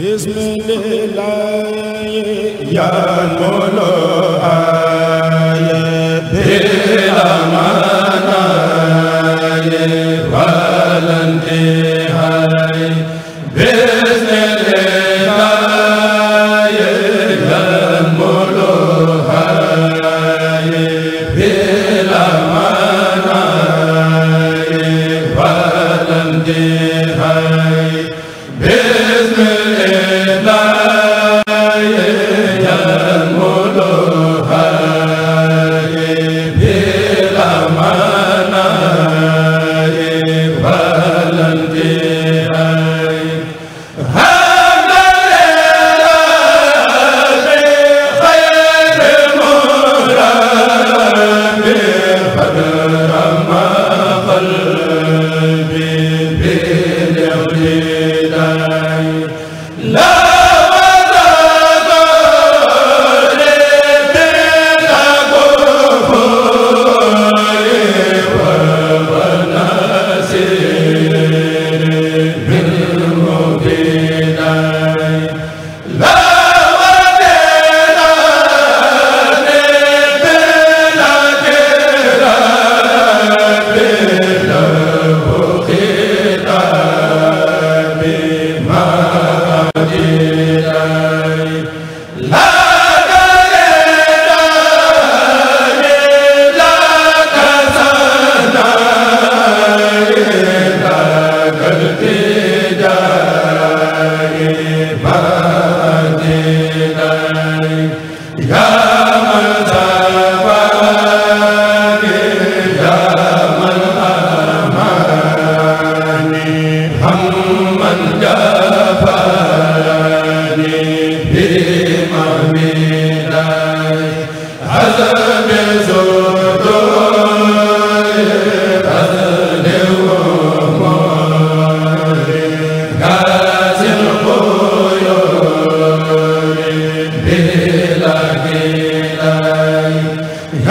bismillah ya molo aye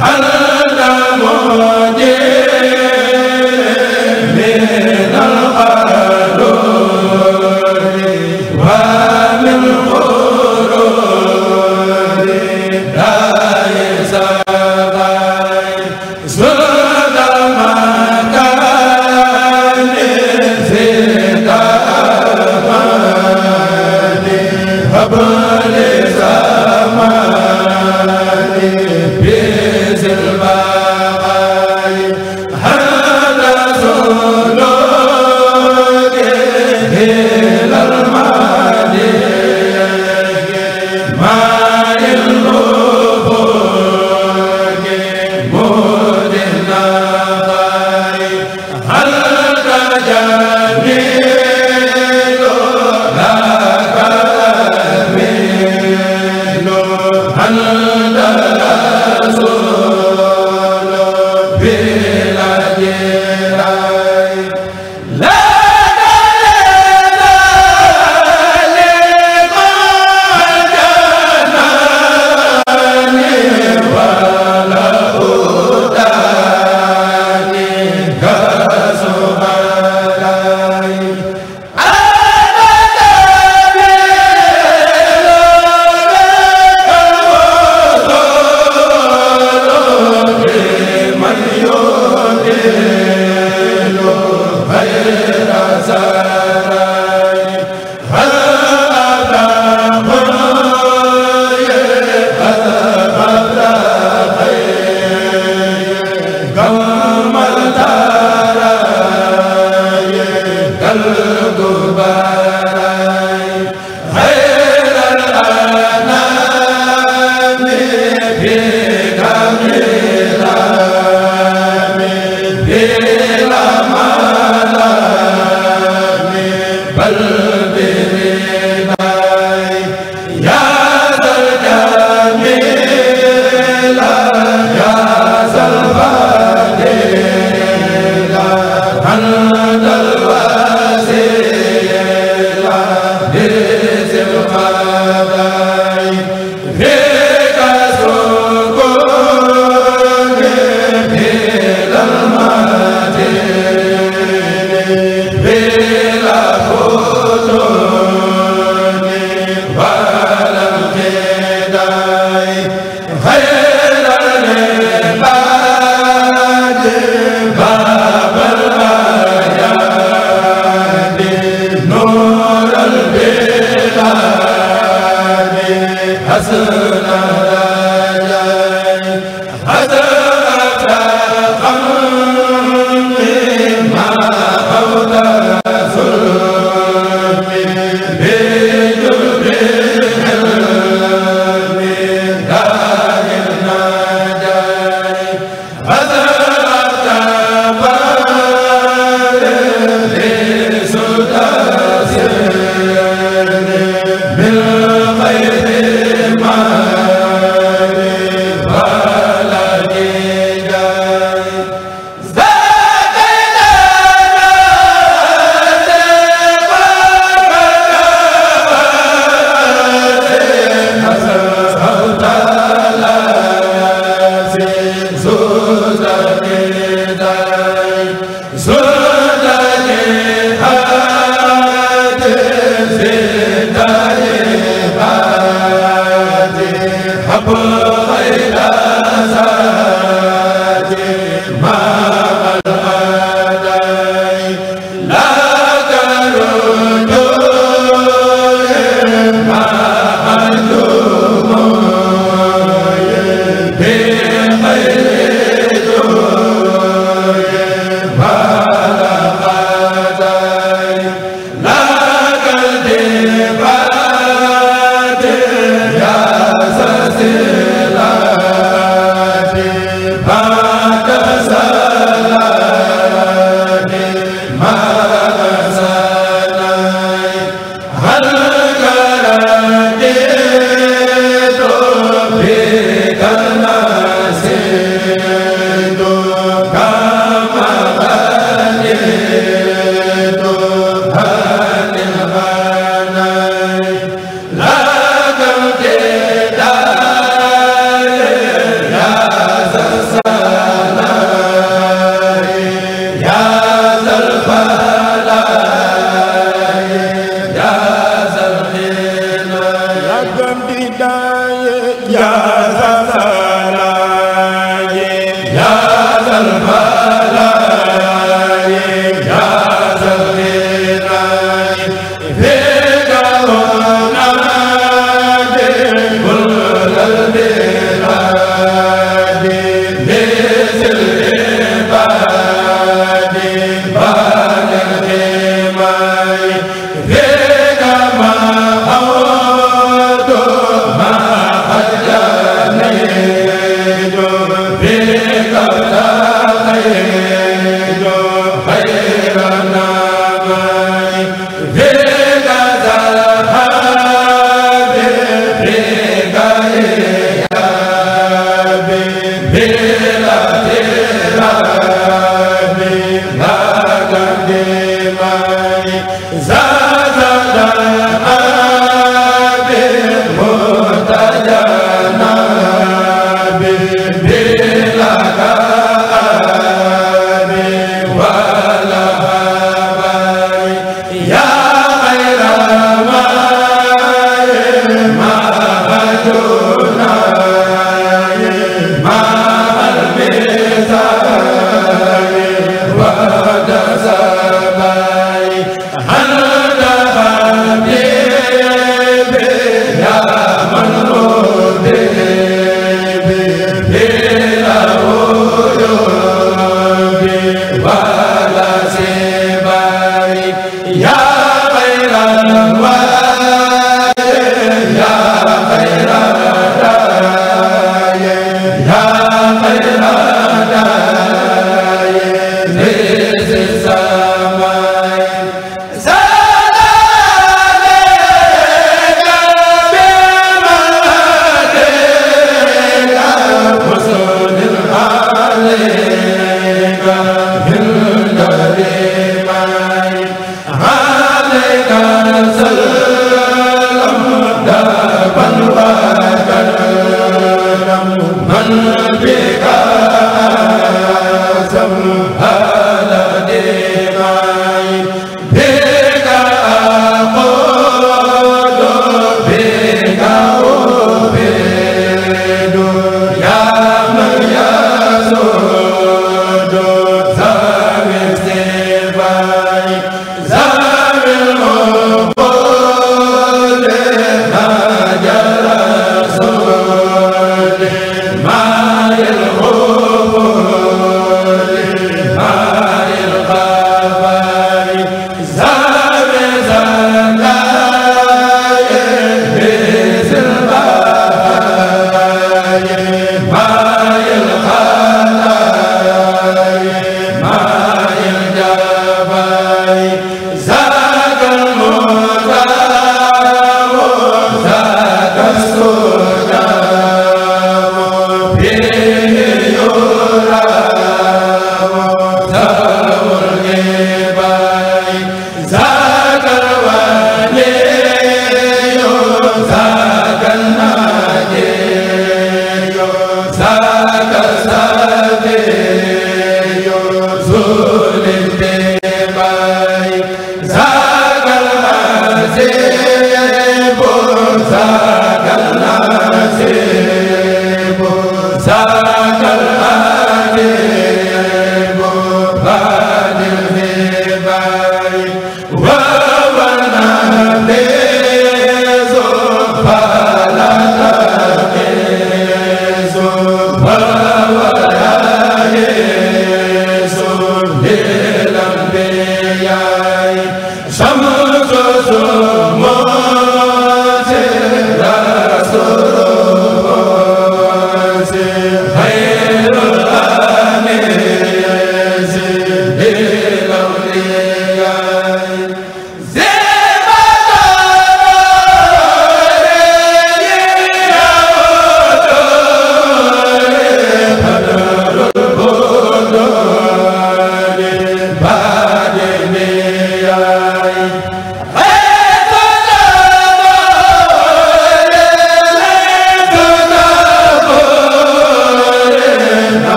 ala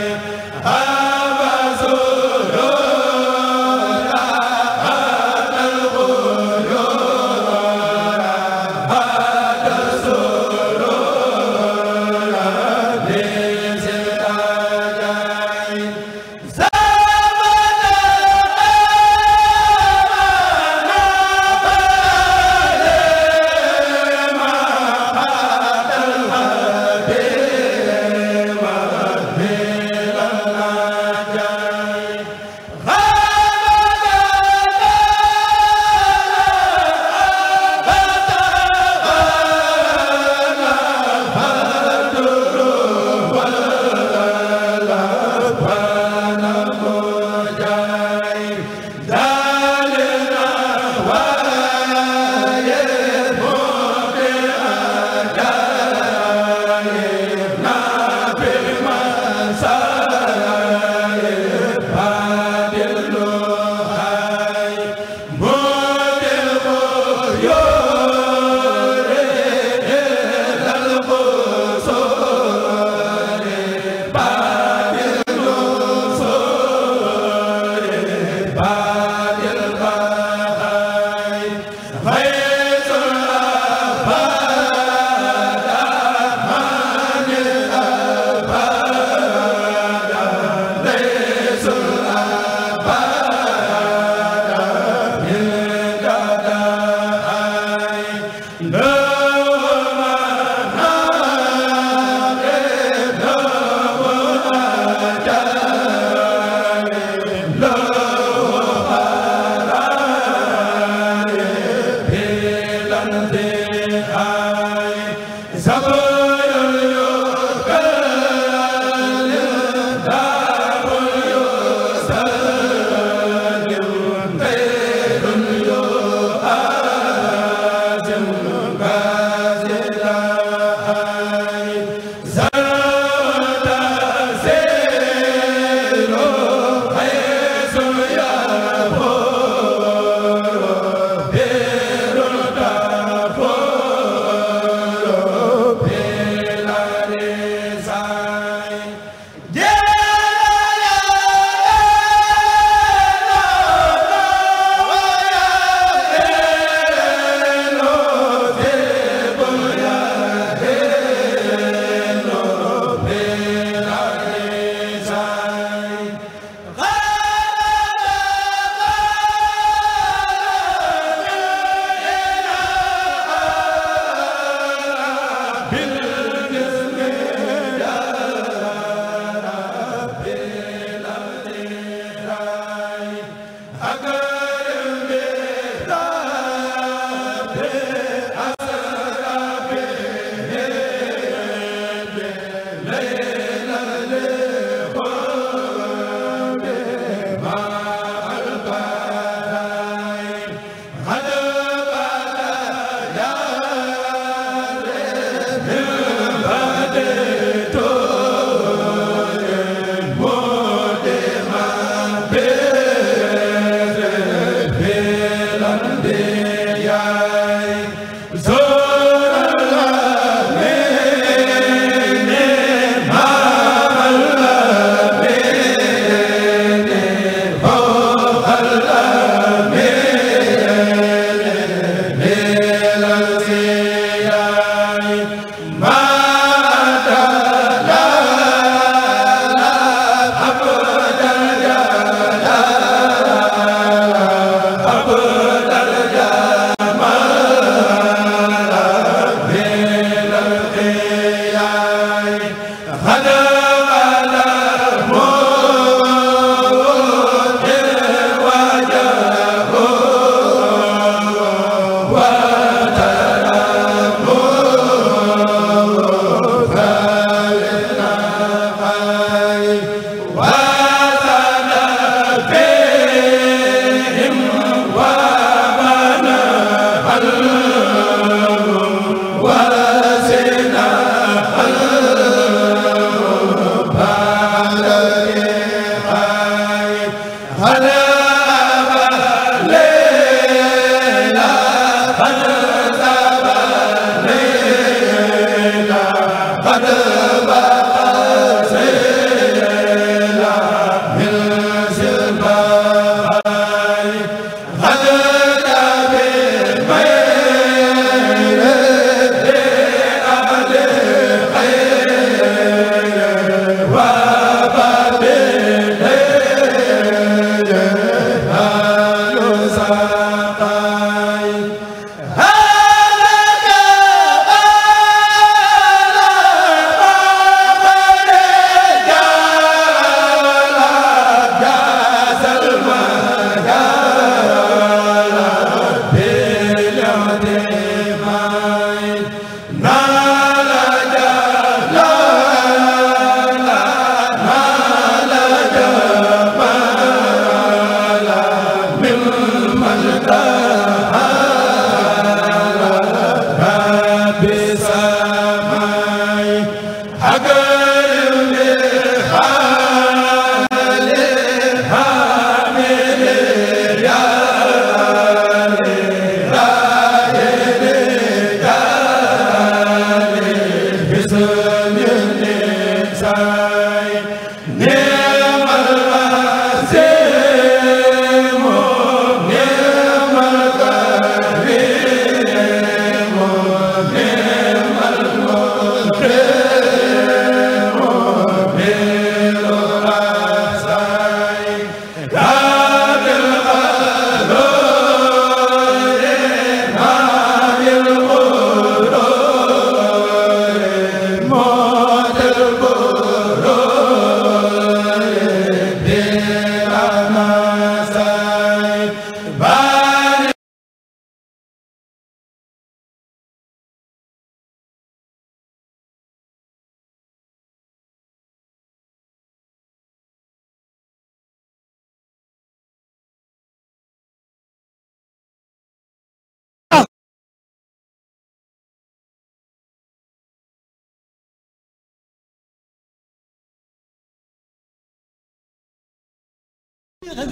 yaa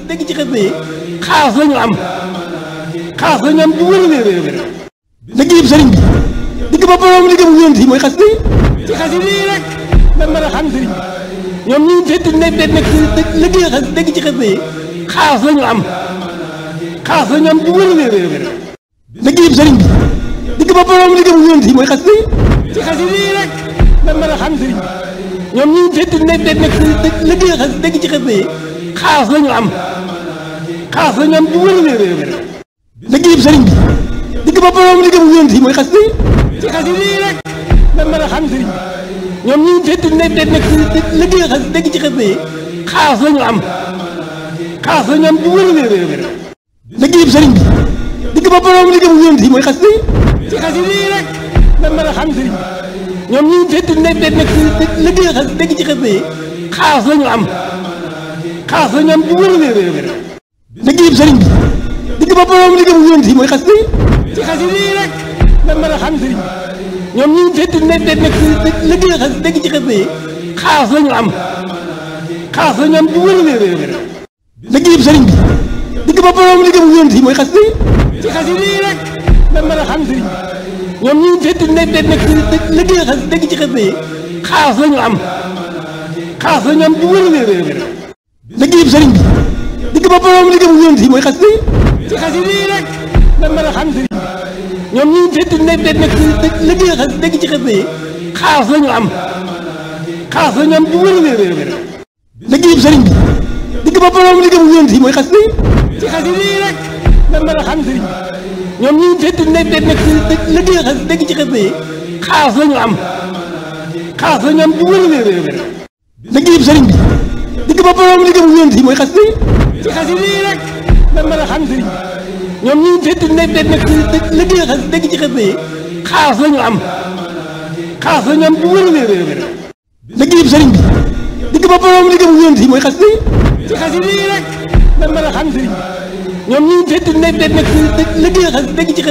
dégg ci xasida yi xaas lañu am xaas lañu am bu wér a wér a wér liggéeyub sëriñ bi digg ba borom liggéey bu yonent yi mooy xasida yi ci xasida yi rek da mën a xam sëriñ bi ñoom ñu fekk ne de nekk liggéey xas dégg ci xasida yi xaas lañu am xaas lañu am bu wér a wér a wér liggéeyub sëriñ bi digg ba borom liggéey bu yonent yi mooy xasida yi ci xasida yi rek da mën a xam sëriñ bi ñoom ñu fekk ne de nekk liggéey xas dégg ci xasida yi xaas la ñu am xaas la ñu am bu wér a wér a wér. liggéeyub sëriñ bi digg ba borom liggéey bu yonent yi mooy xas yi ci xas yi rek dañ mën a xam sëriñ bi ñoom ñu fekk ne day nekk liggéey xas dégg ci xas yi xaas la ñu am xaas la ñu am bu wér a wér a wér. liggéeyub sëriñ bi digg ba borom liggéey bu yonent yi mooy xas yi ci xas yi rek dañ mën a xam sëriñ bi ñoom ñu fekk ne day nekk liggéey xas dégg ci xas yi xaas la ñu am. xaas la ñoom bu wér a wér a wér liggéeyub sëriñ bi liggéey ba borom liggéey bu yónni mooy xas yi ci xas yi rek nga mën a xam sëriñ bi ñoom ñu fekk ne de nekk liggéey xas dégg ci xas yi xaas la ñu am xaas la ñoom bu wér a wér a wér liggéeyub sëriñ bi liggéey ba borom liggéey bu yónni mooy xas yi ci xas yi rek nga mën a xam sëriñ bi ñoom ñu fekk ne de nekk liggéey xas dégg ci xas yi xaas la ñu am xaas la ñoom bu wér a wér a wér liggéeyub sëriñ bi liggéey ba borom liggéey bu ñëw si mooy xasida yi ci xasida yi rek la mën a xam sëriñ bi ñoom ñu fekk ne nekk ci liggéey xas dëgg ci xasida yi xaas la ñu am xaas la ñu am a wér a wér liggéeyub sëriñ bi liggéey ba borom liggéey bu ñëw si mooy xasida yi ci xasida yi rek la mën a xam sëriñ ñoom ñu fekk ne de nekk ci liggéey xas ci xasida yi xaas la ñu am xaas la ñu am bi digg ba borom liggéey bu yonent yi mooy xas yi ci xas yi rek la a xam sëriñ bi ñoom ñu fekk ne de nag yi la ñu am xaas la ñu am bu a wér a wér liggéey sëriñ bi ba borom liggéey bu yonent yi mooy xas yi ci xas yi rek la a xam sëriñ ñoom ñu fekk ne de nag liggéey xas dëgg